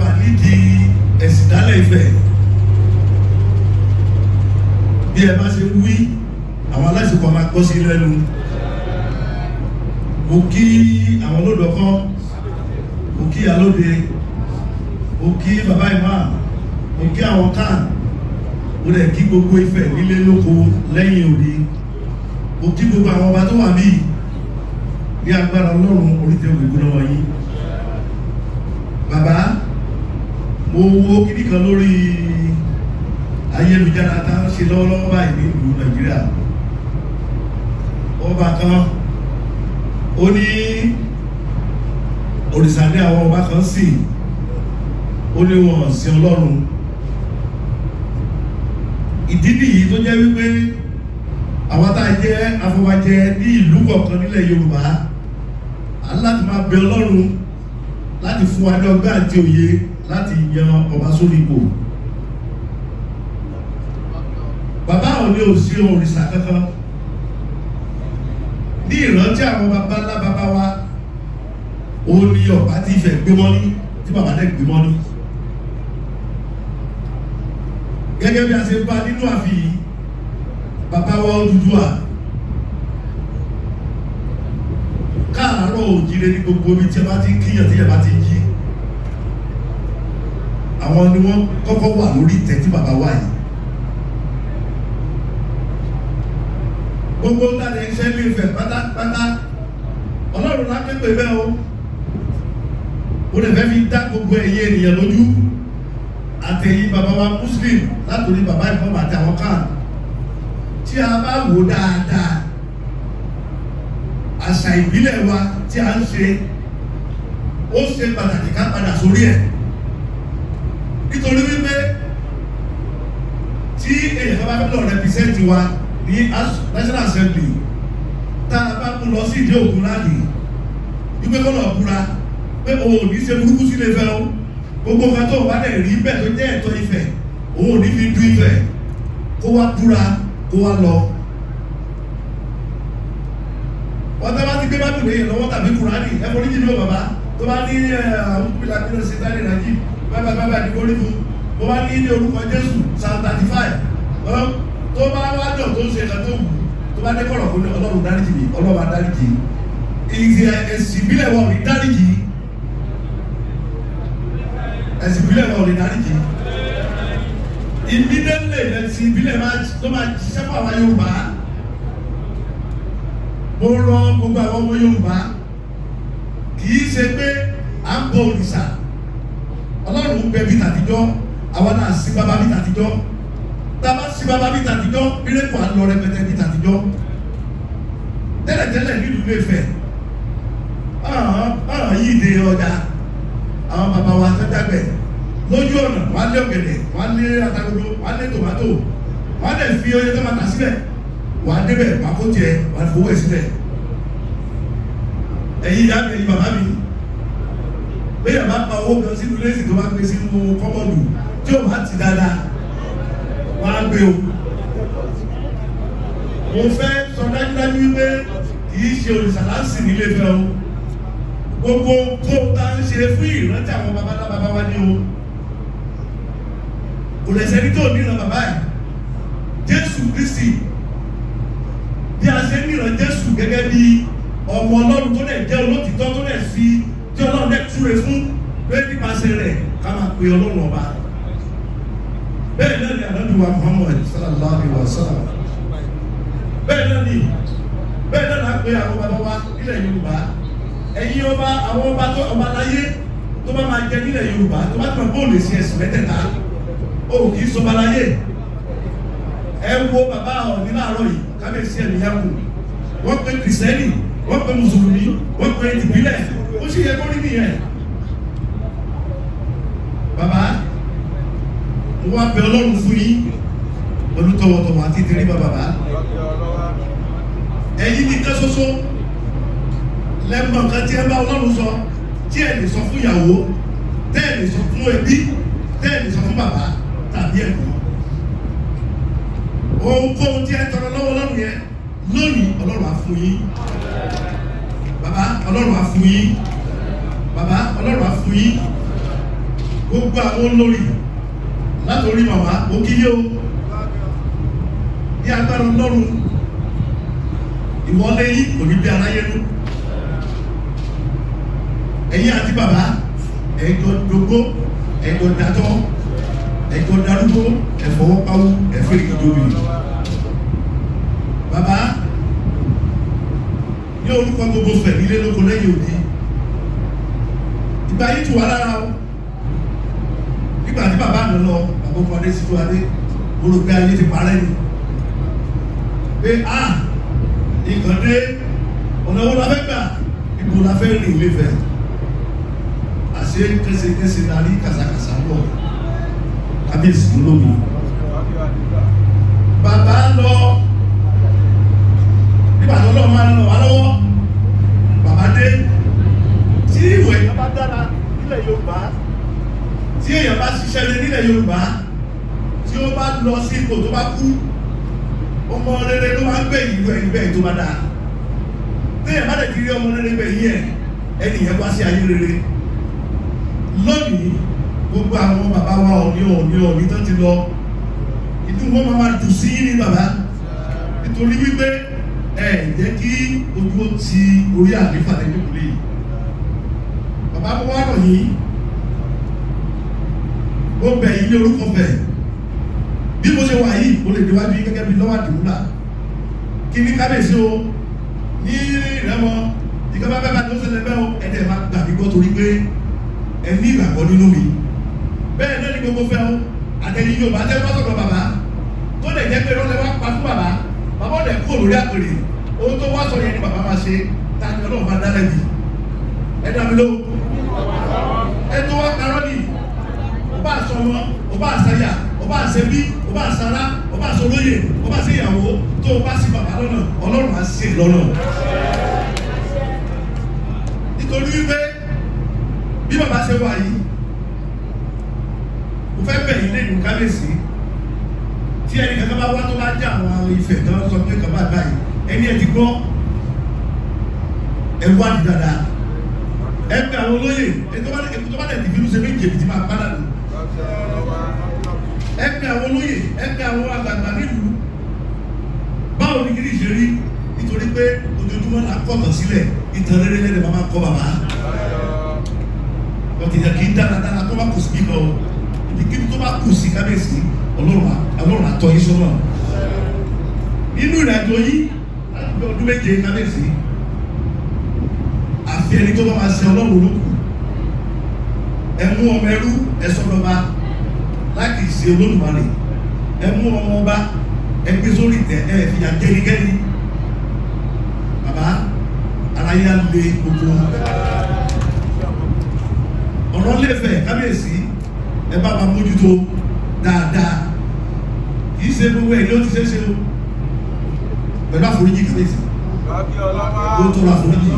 wà nídìí ẹ̀sìn dálẹ̀ Ifẹ̀ bí ẹ bá ṣe wí àwọn aláìsíkọ máa gbọ́ sí lẹ́nu mo kí àwọn olódọ̀kọ́ mo kí alóde mo kí bàbá imam mo kí àwọn kan mo dẹ̀ kí gbogbo Ifẹ̀ nílé lóko lẹ́yìn òde mo kí gbogbo àwọn ọba tó wà bíi ní agbára ọlọ́run orí tẹ́ ògbégbó lọ́wọ́ yín bàbá mo wo kíní kan lórí ayélujára tá ń ṣe lọ́wọ́lọ́wọ́ báyìí ní ìlú nàìjíríà ọba kan ó ní òrìṣà ní àwọn ọba kan sì ó ní wọn sin ọlọ́run ìdí nìyí tó jẹ́ wípé àwọn tá a jẹ́ afọbajẹ ní ìlú kọ̀ọ̀kan nílẹ̀ yorùbá aláàtúmọ̀ abẹ ọlọ́run láti fún wa ní ọgbẹ́ àti òye láti yan ọba sórí ipò bàbá àwọn ní òsí òrìṣà kankan ní ìrántí àwọn bàbá ńlá bàbá wa ó ní ọba tí ìfẹ́ gbé mọ́ní tí bàbá dẹ̀ gbé mọ́ní gẹ́gẹ́ bí a ṣe bá nínú àfi bàbá wa Odùduwà líle ní gbogbo ibi tí ẹ bá ti kíyàn tí ẹ bá ti yí àwọn ni wọ́n kọ́kọ́ wà lórí ìtẹ́ tí bàbá wà yìí gbogbo ńláde iṣẹ́ ní ìfẹ́ pátápátá ọlọ́run lápẹ́pẹ́ bẹ́ẹ̀ o ó lè fẹ́ fi dá gbogbo ẹ̀yẹ ènìyàn lójú àtẹ̀yìn bàbá wa muslim látòrí bàbá ìfọ̀mù àti àwọn kan tí a bá wò dáadáa àṣà ìbílẹ̀ wa tí a ń ṣe ó ṣe pàtàkì ká padà sórí ẹ̀ nítorí wípé tí èèyàn bá fẹ́ lọ rẹpísẹ́ǹtì wa ní national assembly tá a bá mú lọ sí ìdí òkun láàyè wípé kọ́ lọ pé o ò ní ṣe burúkú sílé fẹ́ o gbogbo nǹkan tó o bá dẹ̀ rí bẹ́ẹ̀ tó jẹ́ ẹ̀tọ́ Ifẹ̀ o ò ní fi du Ifẹ̀ kó wá búra kó wá lọ wọ́n tẹ́ bá ti gbé bábù lẹ́yìn lọ́wọ́ tàbí kùránì ẹ forí jì ní o bàbá tó bá ní àwọn pìlàpìlà ṣe tálẹ̀ nàjí bàbá bàbá ní orí mu tó bá ní ní orúkọ jésù psalm thirty five tó bá wájọ tó ṣe ẹ̀ka tó wù tó bá dé kọ̀rọ̀ fún mi ọlọ́run dáríjì mi ọlọ́run dáríjì ìgbì ẹ̀sìn ìbílẹ̀ wọn rí dáríjì ẹ̀sìn ìbílẹ̀ wọn rí dáríjì ìbílẹ̀ lè ẹ̀sìn tó máa ṣiṣẹ́ àwọn Yorùbá mo rọ gbogbo àwọn ọmọ Yorùbá kì í ṣe pé à ń bọ òrìṣà Ọlọ́run bẹ bí tàtijọ́ àwa náà sí bàbá bí tàtijọ́ tá a bá sí bàbá bí tàtijọ́ ìrẹ́pọ̀ àlọ́ rẹpẹtẹ bí tàtijọ́ tẹ́lẹ̀tẹ́lẹ̀ nílùú Ilé-Ifẹ̀ ọ̀hún yìí dé ọjà àwọn bàbá wa sẹ́dàgbẹ̀ lójú ọ̀nà wà á lé ọ̀gẹ̀dẹ̀ wà á lé atagodo wà á lé tòmátò wà á lè fi oye tó máa tà síbẹ̀ wà á débẹ̀ wà á kó tiẹ̀ wà á fowó ẹ̀ sílẹ̀ ẹ̀yin ìyá mi ẹ̀yin bàbá mi bẹ́ẹ̀ bá pa owó kan sínú lẹ́sìn tó bá gbé sínú kọ́mọ̀dù tí o bá ti dáadáa wà á gbé o mo fẹ́ sọ dájúdájú wípé kì í ṣe olùsàlásì nílé fẹ́ o gbogbo tó o bá ń ṣe fún ìrántí àwọn babalá bàbá wa ní o kò lẹ́sẹ̀ ní tó ní ìran bàbá yìí Jésù Kristi ṣe níran jésù gẹ́gẹ́ bí ọmọ ọlọ́run tó dẹ̀ jẹ́ olótìtọ́ tó dẹ̀ fi tí ọlọ́run dẹ̀ túre fún pé nípasẹ̀ rẹ̀ ká máa pe ọlọ́run ọba bẹ́ẹ̀ náà ni àdánù wa muhammad sallallahu alayhi wa sallam bẹ́ẹ̀ náà ni bẹ́ẹ̀ náà la pe àwọn bàbá wa nílẹ̀ yorùbá ẹ̀yin ọba àwọn ọba tó ọba láyé tó bá máa jẹ nílẹ̀ yorùbá tó bá tó bóòlù sí ẹ̀sìn mẹ́tẹ̀ẹ̀ta ó kì í sọ ọba láyé ẹ wo bàbá ọ̀ní láàárọ̀ yìí kábíyèsí ẹ̀ níyàwó wọ́n pe kìrìsìtẹ́nì wọ́n pe mùsùlùmí wọ́n pe ìbílẹ̀ ó sì yẹ kó rí nìyẹn. bàbá mo wá bẹ̀ ọlọ́run fún yín pẹ̀lú tọwọ́tọwọ́ àti ìtẹríba bàbá ẹ̀yin nìkan ṣoṣo lẹ́mọ̀ kan tí ẹ bá ọlọ́run sọ tí ẹ lè sọ fún ìyàwó tẹ́ ẹ lè sọ fún ẹbí tẹ́ ẹ lè sọ fún bàbá tàbí ẹ̀kọ́ ohunkóhun tí ẹ tọrọ lọ́wọ́ ọlọ́run yẹn lónìí ọlọ́run á fún yín bàbá ọlọ́run á fún yín bàbá ọlọ́run á fún yín gbogbo àwọn olórí látòrí màmá òkìyé o bí agbára ọlọ́run ìwọlé yìí kò ní bí aráyé nú ẹ̀yin àti bàbá ẹ̀jọ̀ dògbó ẹ̀jọ̀ dàtọ́ ẹjọ darúgbó ẹfọwọpawú ẹfẹrẹ ìjọbi bàbá ní orúkọ gbogbo fẹmí lé lóko lẹ́yìn òní ìgbà yìí tù wá lára o nígbà tí bàbá mi lọ bàbá ọkọ adé síjú adé mo rò pé ayé ti parẹ́ ni pé a nǹkan dé ọ̀nà wo la fẹ́ gbà ipò la fẹ́ rìn ìlẹ́fẹ̀ẹ́ àṣé kẹsẹkẹsẹ la rí kàṣàkàṣà lọ kábíyèsí ló lómi bàbá lọ nígbà tó lọ́ọ́ máa ń lọ wá lọ́wọ́ bàbá dé tí ìwé bá dára nílẹ̀ Yorùbá tí èèyàn bá ṣiṣẹ́ lé nílẹ̀ Yorùbá tí ó bá lọ sí ipò tó bá kú ọmọ rere ló máa ń gbé ìlú ẹni bẹ́ẹ̀ tó bá dáa téèyàn bá lè kiri ọmọ rere bẹ́ẹ̀ yẹn ẹni yẹn wá sí ayé rere lónìí gbogbo àwọn bàbá wa ọ̀ní ọ̀ní ọ̀ní tó ti lọ inú wọn máa máa dùn sí ní bàbá nítorí wípé ẹ jẹ́ kí ojú ó ti orí àlefa lẹ́yìn òlé yìí bàbá mo wá rọ̀ yín ó bẹ̀ yín ní orúkọ bẹ̀ bí mo ṣe wà yìí mo lè déwájú yín gẹ́gẹ́ bí lọ́wọ́ àdìmúlà kí ní kábíyèsí o ní ìrẹ́mọ ìjọba bẹ́ẹ̀ bá tó ṣẹlẹ̀ bẹ́ẹ̀ o ẹ̀dẹ̀ máa gbàgbé gbọ́ torí pé ẹ ní ìgbàgbọ́ nínú mi bẹ́ẹ̀ náà ni gbogbo fẹ́ o àtẹ̀yìn yorùbá tẹ́ wọ́n sọ̀rọ̀ bàbá tó lè jẹ́ pé lọ́lẹ̀ wá pa fún bàbá bàbá ọ̀dẹ̀ kú òrùlé àpèrè ohun tó wá sọ yẹn ni bàbá máa ṣe ta ni ọlọ́run máa dálẹ̀ yìí ẹ dá mi ló ẹ tó wá parọ́ nì ó bá sọ wọn ó bá sáyà ó bá sẹ́bí ó bá sára ó bá sọlóye ó bá ṣèyàwó tó o bá sí bàbá lọ́nà ọlọ́run á sì lọ́nà nítorí wípé bí bàbá ṣe wà yìí fẹ́ bẹ̀ yín lẹ́nu kábíyèsí tí ẹnì kankan bá wá tó bá jẹ́ àwọn ìfẹ́ tó ń sọ pé kàbá báyìí ẹni ẹ ti gbọ́ ẹ wá di dáadáa ẹ bẹ àwọn olóyè ètò bá dẹ̀ ti fi lùsẹ̀ méje ti máa padà lù ẹ bẹ àwọn olóyè ẹ bẹ àwọn àgbààgbà nílùú báwo ni kiri ṣe rí nítorí pé ojoojúmọ́ la kọ́ ọ̀tọ̀ sílẹ̀ ìtàn rere lẹ́nu bàbá kọ́ bàbá ọ̀tẹ̀yà kì í dáradára tó bá kò sí bíbọ̀ o ìkíni tó bá kù sí kábíyèsí ọlọ́run àtọ́ yín sọ́nà nínú ìrìnàjò yìí láti ọdún méje kábíyèsí àfi ẹni tó bá máa ṣe ọlọ́run olókùn ẹ ọmọ ẹrú ẹ láti ṣe olódùmarè ẹ ọmọ ọba ẹ sórí tẹ ẹ fìyà jẹnikẹ́ni bàbá aráyá lé gbogbo ọ̀rọ̀ kábíyèsí ẹ bá máa mójútó dáadáa kì í ṣe gbogbo ẹ̀ ní ó ti ṣe é ṣe o pẹ̀lú àforíjì kàlẹ́sì ó ń tọrọ àforíjì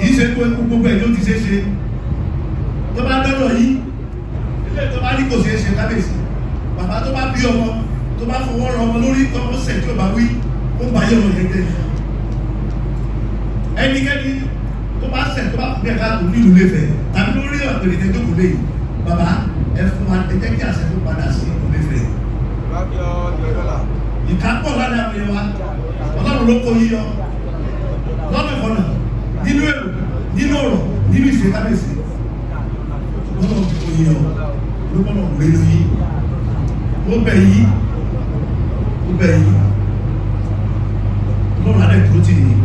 kì í ṣe gbogbo ẹ̀ ní ó ti ṣe é ṣe tó bá dọ́dọ̀ yìí ilé tó bá ní kò ṣe é ṣe kàlẹ́sì bàbá tó bá bí ọmọ tó bá fọwọ́ rọ ọmọ lórí ọmọ sẹ̀ tí ò bá wí ó bá yẹ̀ wọ̀nyẹn dẹ́ ẹnikẹ́ni tó bá sẹ̀ tó bá fi ẹ̀ka tó nílùú lẹ́fẹ̀ẹ́ tàbí lórí ọ̀tẹ̀lẹ̀tẹ̀ tó kù léyìí baba ẹ fún wa ẹ jẹ́ kí àṣẹ tó padà sí ìfẹ́fẹ́. ìkápọ̀ ládàá mi wa ọlọ́run ló kó yíyọ lọ́nà ìkọ̀nà nínú èrò nínú ọ̀rọ̀ nínú ìfẹ́ kábíyèsí lọ́nà kó yíyọ lọ́nà òwúrẹ́ lóyún mo bẹ̀ yí mo bẹ̀ yí lọ́nà adẹ́ tó ti nìyí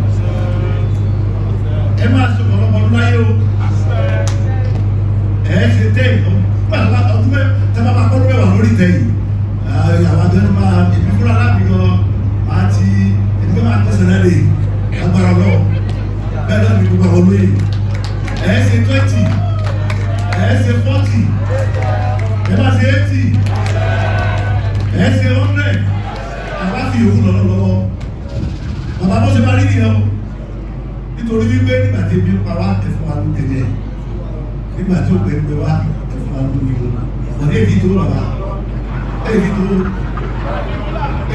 ẹ máa sọ̀rọ̀ ọlọ́mọdún láyé o ẹ̀ ṣe tẹ́ ìgbà ọdún mẹ́ta bá bá kọ́ ló mẹ́wàá lórí tẹ̀yìn àwọn adẹ́nu máa ìbí fúnra nígbà tí ó pẹ̀lú wa ẹ̀fọn àdúgbò ni mo ọ̀rẹ́ èyí tó bàbá èyí tó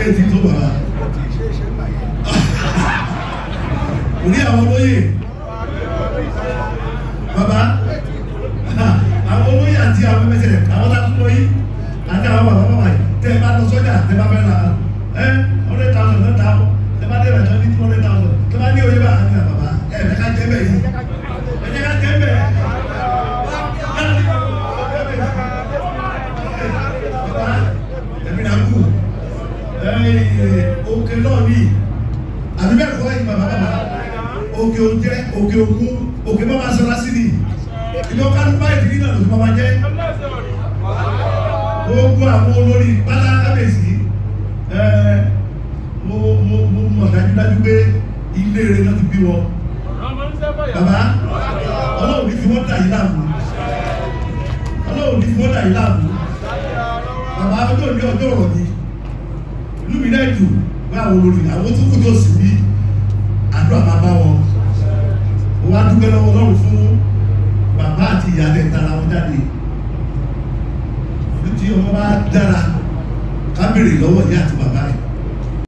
èyí tó bàbá. orí àwọn olóyè bàbá àwọn olóyè àti àwọn mẹsẹ̀lẹ̀ àwọn tá a tún lọ yìí àti àwọn bàbá bàbá yìí. òkè òjẹ òkè òkun òkè bá máa sọra sí ni ìlú kálífà ìdílé náà ló fi máa jẹ gbogbo àwọn olórí pátá kábèsí mo mo mo mọ̀ dájúdájú pé ilé rẹ náà ti bí wọn bàbá ọlọ́run ní fi wọ́n dà yìí láàmú ọlọ́run ní fi wọ́n dà yìí láàmú bàbá ọjọ́ ìbí ọjọ́ ọ̀rọ̀ ni inú mi náà dùn pé àwọn olórí àwọn tó kù tó sì ní àdúrà máa bá wọn wọ́n á dúpẹ́ lọ́wọ́ Ọlọ́run fún bàbá àti ìyá rẹ̀ tara wọn jáde tí ọmọ bá dára ká béèrè lọ́wọ́ ìyá àti bàbá rẹ̀